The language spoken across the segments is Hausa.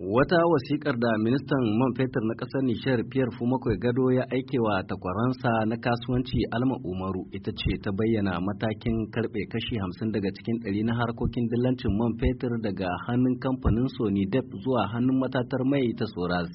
Wata wasikar da ministan man fetur na ƙasar Nishar Pierre Fumakwai Gado ya aikewa takwaransa na kasuwanci Alma Umaru ita ce ta bayyana matakin karɓe kashi hamsin daga cikin ɗari na harkokin dillancin man fetur daga hannun kamfanin Sony Dep zuwa hannun matatar mai ta Soras,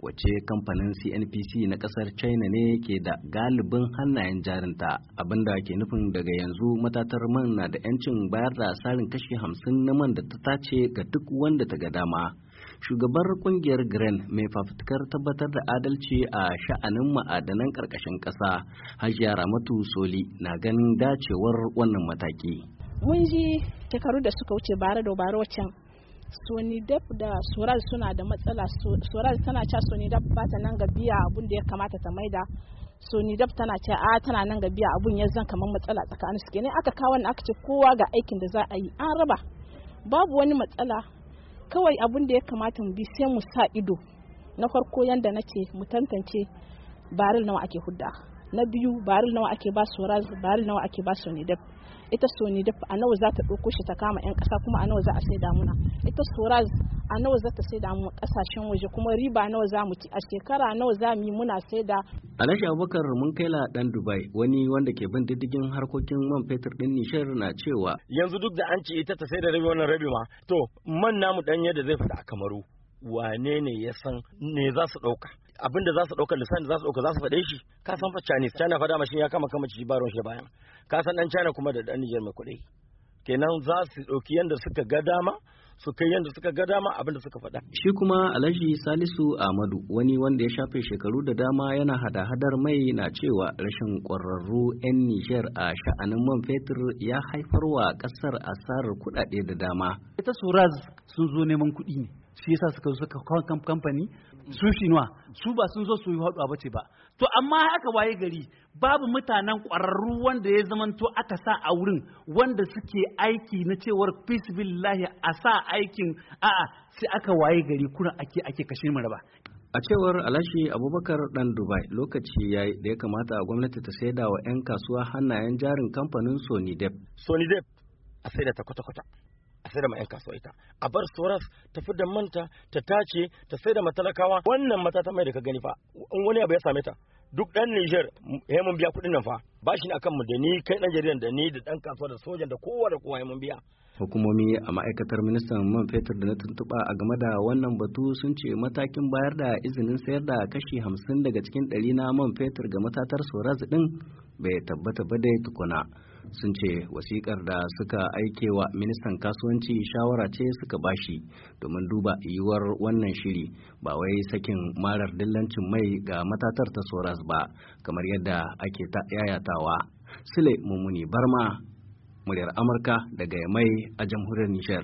wace kamfanin CNPC na ƙasar China ne ke da galibin hannayen jarinta, abinda ke nufin daga yanzu matatar man na da 'yancin bayar da asarin kashi hamsin na man da ta tace ga duk wanda ta ga dama. shugabar kungiyar gren mai fafutukar tabbatar da adalci a sha'anin ma'adanan karkashin kasa hajiya ramatu soli na ganin dacewar wannan mataki mun ji shekaru da suka wuce bare da bare wacan sonidap da soral suna da matsala soral tana ca sonidap ba ta nan ga biya abun da ya kamata ta maida sonidap tana ce a ah, tana nan ga biya abun ya zan kamar matsala tsakanin su kenan aka kawo aka ce kowa ga aikin da za a yi an raba babu wani matsala kawai abin da ya kamata mu bi sai mu sa ido na farko na ce mu tantance baril nawa ake hudda na biyu baril nawa ake ba su raz baril nawa ake ba su nidab ita sonidab a nawa za ta ɗauko shi ta kama 'yan ƙasa kuma a nawa za a sai damuna ita soraz a nawa za ta saida mu kasashen waje kuma riba nawa za mu ci a shekara nawa za mu yi muna saida Alhaji Abubakar mun kai la dan Dubai wani wanda ke bin diddigin harkokin man fetur din Nishar na cewa yanzu duk da an ci ita ta saida rabi wannan rabi ma to man namu dan yadda zai fita a Kamaru wane ne ya san ne za su dauka abin da za su ɗauka da za su ɗauka za su fade shi ka san fa Chinese China fa dama ya kama kama ci baron shi bayan ka san dan China kuma da dan Niger mai kuɗi kenan za su ɗauki yanda suka ga dama su kai yadda suka ga dama abin suka faɗa. Shi kuma Alhaji Salisu Ahmadu wani wanda ya shafe shekaru da dama yana hada-hadar mai na cewa rashin ƙwararru 'yan Nijar a sha'anin man fetur ya haifar wa ƙasar asarar kuɗaɗe da dama. Ita Suraz sun zo neman kuɗi ne. shi yasa suka zo suka kawo kamfani su shinuwa su ba sun zo su yi haɗuwa ba ce ba to amma haka waye gari babu mutanen ƙwararru wanda ya zamanto aka sa a wurin wanda suke aiki na cewar peace billahi a sa aikin a'a sai aka waye gari kuna ake ake kashe mu raba a cewar alashi abubakar dan dubai lokaci ya da ya kamata gwamnati ta saida wa 'yan kasuwa hannayen jarin kamfanin sony dep a saida ta kwata-kwata sai da ma 'yan kasuwa ita a bar soras ta fi da manta ta tace ta sai da matalakawa wannan mata ta mai da ka gani fa in wani abu ya same ta duk dan Niger ya mun biya kuɗin nan fa bashi ne akan mu da ni kai dan jaridan da ni da dan kasuwa da sojan da kowa da kowa ya mun biya hukumomi a ma'aikatar ministan man fetur da na tuntuɓa a game da wannan batu sun ce matakin bayar da izinin sayar da kashi hamsin daga cikin ɗari na man fetur ga matatar soras din bai tabbata ba dai tukuna sun ce wasikar da suka aike wa ministan kasuwanci shawara ce suka bashi domin duba yiwuwar wannan shiri ba wai sakin marar dillancin mai ga matatar ta soras ba kamar yadda ake ta yayatawa sile mummuni barma muryar amurka daga mai a jamhuriyar nishar